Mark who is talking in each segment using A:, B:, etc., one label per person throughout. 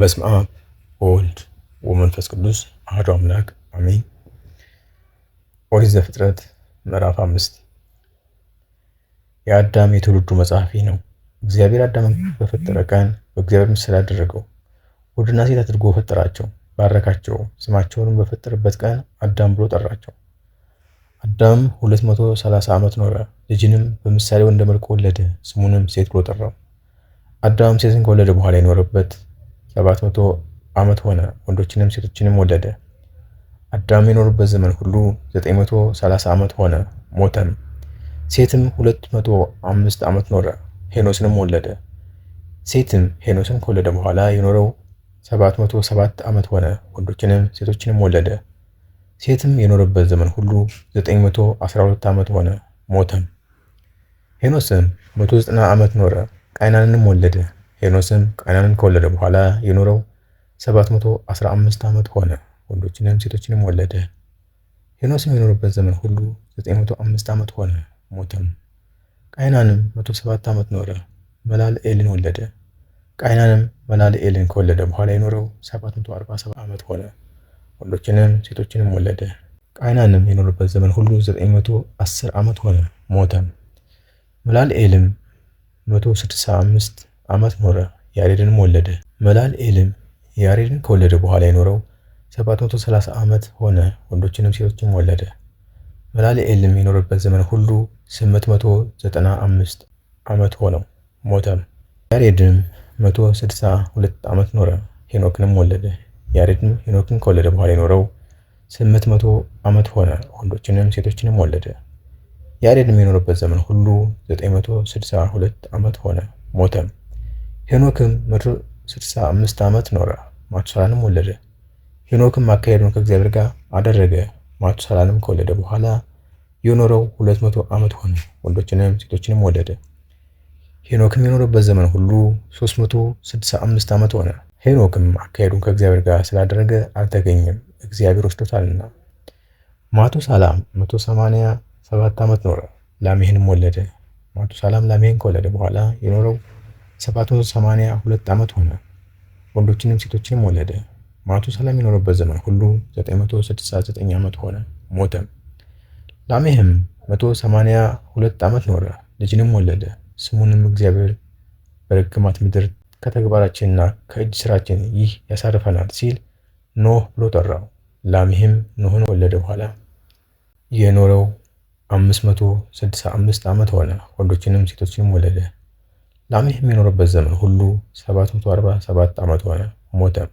A: በስመ አብ ወወልድ ወመንፈስ ቅዱስ አሐዱ አምላክ አሜን። ኦሪት ዘፍጥረት ምዕራፍ አምስት የአዳም የትውልዱ መጽሐፊ ነው። እግዚአብሔር አዳምን በፈጠረ ቀን በእግዚአብሔር ምሳሌ አደረገው፣ ወንድና ሴት አድርጎ ፈጠራቸው፣ ባረካቸው። ስማቸውንም በፈጠረበት ቀን አዳም ብሎ ጠራቸው። አዳም 230 ዓመት ኖረ፣ ልጅንም በምሳሌ ወንደ መልኩ ወለደ፣ ስሙንም ሴት ብሎ ጠራው። አዳም ሴትን ከወለደ በኋላ የኖረበት ሰባት መቶ ዓመት ሆነ፣ ወንዶችንም ሴቶችንም ወለደ። አዳም የኖሩበት ዘመን ሁሉ 930 ዓመት ሆነ፣ ሞተም። ሴትም 205 ዓመት ኖረ፣ ሄኖስንም ወለደ። ሴትም ሄኖስን ከወለደ በኋላ የኖረው 707 ዓመት ሆነ፣ ወንዶችንም ሴቶችንም ወለደ። ሴትም የኖረበት ዘመን ሁሉ 912 ዓመት ሆነ፣ ሞተም። ሄኖስም 190 ዓመት ኖረ፣ ቃይናንንም ወለደ። ሄኖስም ቀናንን ከወለደ በኋላ የኖረው 715 ዓመት ሆነ፣ ወንዶችንም ሴቶችንም ወለደ። ሄኖስም የኖረበት ዘመን ሁሉ 905 ዓመት ሆነ፣ ሞተም። ቃይናንም 107 ዓመት ኖረ፣ መላልኤልን ወለደ። ቃይናንም መላልኤልን ከወለደ በኋላ የኖረው 747 ዓመት ሆነ፣ ወንዶችንም ሴቶችንም ወለደ። ቃይናንም የኖረበት ዘመን ሁሉ 910 ዓመት ሆነ፣ ሞተም። መላልኤልም 165 ዓመት ኖረ፣ ያሬድንም ወለደ። መላልኤልም ያሬድን ከወለደ በኋላ የኖረው 730 ዓመት ሆነ፣ ወንዶችንም ሴቶችንም ወለደ። መላልኤልም የኖረበት ዘመን ሁሉ 895 ዓመት ሆነው፣ ሞተም። ያሬድም 162 ዓመት ኖረ፣ ሄኖክንም ወለደ። ያሬድም ሄኖክን ከወለደ በኋላ የኖረው 800 ዓመት ሆነ፣ ወንዶችንም ሴቶችንም ወለደ። ያሬድም የኖረበት ዘመን ሁሉ 962 ዓመት ሆነ፣ ሞተም። ሄኖክም 165 ዓመት ኖረ፣ ማቱሳላንም ወለደ። ሄኖክም አካሄዱን ከእግዚአብሔር ጋር አደረገ። ማቱሳላንም ከወለደ በኋላ የኖረው 200 ዓመት ሆነ፣ ወንዶችንም ሴቶችንም ወለደ። ሄኖክም የኖረበት ዘመን ሁሉ 365 ዓመት ሆነ። ሄኖክም አካሄዱን ከእግዚአብሔር ጋር ስላደረገ አልተገኘም፣ እግዚአብሔር ወስዶታልና። ማቱሳላም 187 ዓመት ኖረ፣ ላሜህንም ወለደ። ማቱሳላም ላሜህን ከወለደ በኋላ የኖረው 782 ዓመት ሆነ፣ ወንዶችንም ሴቶችንም ወለደ። ማቱሳላም የኖረበት ዘመን ሁሉ 969 ዓመት ሆነ፣ ሞተም። ላሜህም 182 ዓመት ኖረ፣ ልጅንም ወለደ። ስሙንም እግዚአብሔር በርግማት ምድር ከተግባራችንና ከእጅ ስራችን ይህ ያሳርፈናል ሲል ኖህ ብሎ ጠራው። ላሜህም ኖህን ወለደ። በኋላ የኖረው 565 ዓመት ሆነ፣ ወንዶችንም ሴቶችንም ወለደ። ላሜህ የሚኖርበት ዘመን ሁሉ 747 ዓመት ሆነ፣ ሞተም።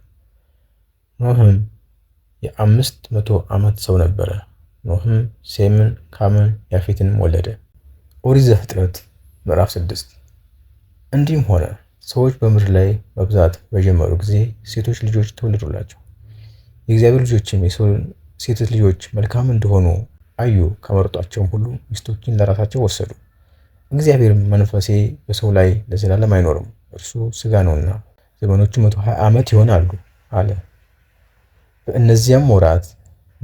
A: ኖህም የአምስት መቶ ዓመት ሰው ነበረ። ኖህም ሴምን፣ ካምን፣ ያፌትንም ወለደ። ኦሪት ዘፍጥረት ምዕራፍ ስድስት እንዲህም ሆነ ሰዎች በምድር ላይ መብዛት በጀመሩ ጊዜ ሴቶች ልጆች ተወለዱላቸው። የእግዚአብሔር ልጆችም የሰው ሴቶች ልጆች መልካም እንደሆኑ አዩ፣ ከመረጧቸውም ሁሉ ሚስቶችን ለራሳቸው ወሰዱ። እግዚአብሔር መንፈሴ በሰው ላይ ለዘላለም አይኖርም፣ እርሱ ስጋ ነውና ዘመኖቹ መቶ ሀያ ዓመት ይሆናሉ አለ። በእነዚያም ወራት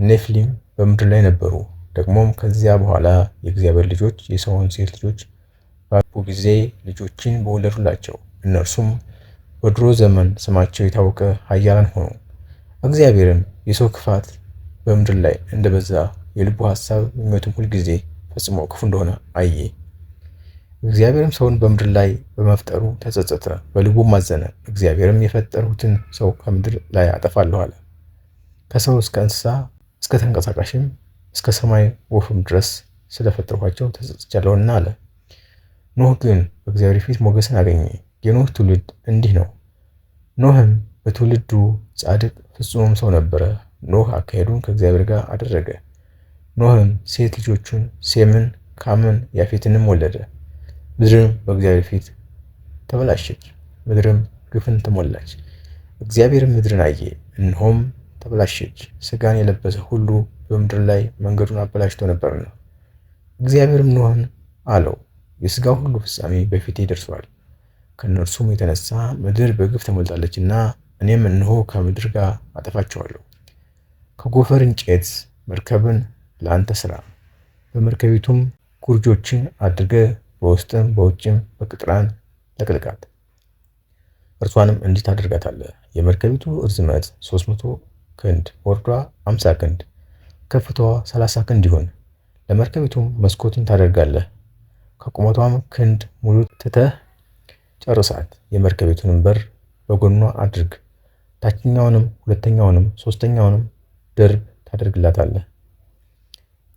A: ኔፍሊም በምድር ላይ ነበሩ። ደግሞም ከዚያ በኋላ የእግዚአብሔር ልጆች የሰውን ሴት ልጆች ባገቡ ጊዜ ልጆችን በወለዱላቸው። እነርሱም በድሮ ዘመን ስማቸው የታወቀ ኃያላን ሆኑ። እግዚአብሔርም የሰው ክፋት በምድር ላይ እንደበዛ የልቡ ሐሳብ ምኞቱም ሁልጊዜ ፈጽሞ ክፉ እንደሆነ አየ። እግዚአብሔርም ሰውን በምድር ላይ በመፍጠሩ ተጸጸተ፣ በልቡም አዘነ። እግዚአብሔርም የፈጠርሁትን ሰው ከምድር ላይ አጠፋለሁ አለ። ከሰው እስከ እንስሳ እስከ ተንቀሳቃሽም እስከ ሰማይ ወፍም ድረስ ስለፈጠርኋቸው ተጸጽቻለሁና አለ። ኖህ ግን በእግዚአብሔር ፊት ሞገስን አገኘ። የኖህ ትውልድ እንዲህ ነው። ኖህም በትውልዱ ጻድቅ ፍጹም ሰው ነበረ። ኖህ አካሄዱን ከእግዚአብሔር ጋር አደረገ። ኖህም ሴት ልጆቹን ሴምን፣ ካምን፣ ያፌትንም ወለደ። ምድርም በእግዚአብሔር ፊት ተበላሸች፣ ምድርም ግፍን ተሞላች። እግዚአብሔር ምድርን አየ፣ እነሆም ተበላሸች፣ ስጋን የለበሰ ሁሉ በምድር ላይ መንገዱን አበላሽቶ ነበርና። እግዚአብሔርም ኖኅን አለው፣ የስጋ ሁሉ ፍጻሜ በፊቴ ደርሷል፣ ከእነርሱም የተነሳ ምድር በግፍ ተሞልታለችና እኔም እነሆ ከምድር ጋር አጠፋቸዋለሁ። ከጎፈር እንጨት መርከብን ለአንተ ስራ በመርከቢቱም ጉርጆችን አድርገህ በውስጥም በውጭም በቅጥራን ለቅልቃት። እርሷንም እንዲህ ታደርጋታለህ። የመርከቢቱ እርዝመት 300 ክንድ ወርዷ አምሳ ክንድ ከፍታዋ ሰላሳ ክንድ ይሁን። ለመርከቢቱም መስኮትን ታደርጋለህ። ከቁመቷም ክንድ ሙሉ ትተህ ጨርሳት። የመርከቢቱንም በር በጎኗ አድርግ። ታችኛውንም ሁለተኛውንም ሶስተኛውንም ድርብ ታደርግላታለህ።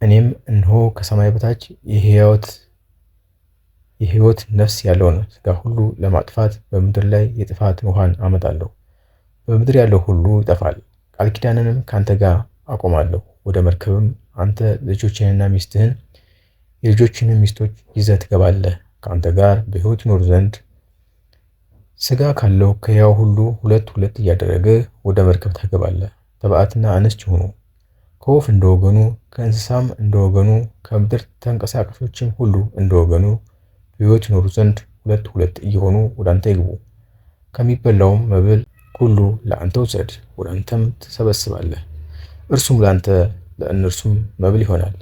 A: እኔም እንሆ ከሰማይ በታች የሕይወት የህይወት ነፍስ ያለውን ስጋ ሁሉ ለማጥፋት በምድር ላይ የጥፋት ውሃን አመጣለሁ። በምድር ያለው ሁሉ ይጠፋል። ቃል ኪዳንንም ከአንተ ጋር አቆማለሁ። ወደ መርከብም አንተ ልጆችህንና ሚስትህን የልጆችህንም ሚስቶች ይዘህ ትገባለህ። ከአንተ ጋር በህይወት ይኖር ዘንድ ስጋ ካለው ከያው ሁሉ ሁለት ሁለት እያደረገ ወደ መርከብ ታገባለህ። ተባዕትና እንስት ይሁኑ። ከወፍ እንደ ወገኑ፣ ከእንስሳም እንደ ወገኑ፣ ከምድር ተንቀሳቃሾችም ሁሉ እንደ ወገኑ ፍሬዎች ይኖሩ ዘንድ ሁለት ሁለት እየሆኑ ወደ አንተ ይግቡ። ከሚበላውም መብል ሁሉ ለአንተ ውሰድ፣ ወደ አንተም ትሰበስባለህ። እርሱም ለአንተ ለእነርሱም መብል ይሆናል።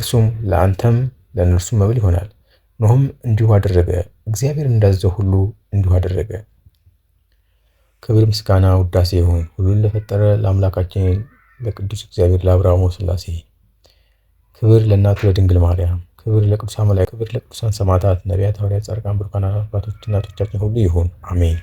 A: እርሱም ለአንተም ለእነርሱም መብል ይሆናል። ኖህም እንዲሁ አደረገ፣ እግዚአብሔር እንዳዘዘው ሁሉ እንዲሁ አደረገ። ክብር ምስጋና፣ ውዳሴ ይሁን ሁሉን ለፈጠረ ለአምላካችን ለቅዱስ እግዚአብሔር ለአብርሃሙ ስላሴ ክብር ለእናቱ ለድንግል ማርያም ክብር ለቅዱሳን መላእክት፣ ክብር ለቅዱሳን ሰማዕታት፣ ነቢያት፣ ሐዋርያት፣ ጻድቃን፣ ብሩካን አባቶች እናቶቻችን ሁሉ ይሁን፣ አሜን።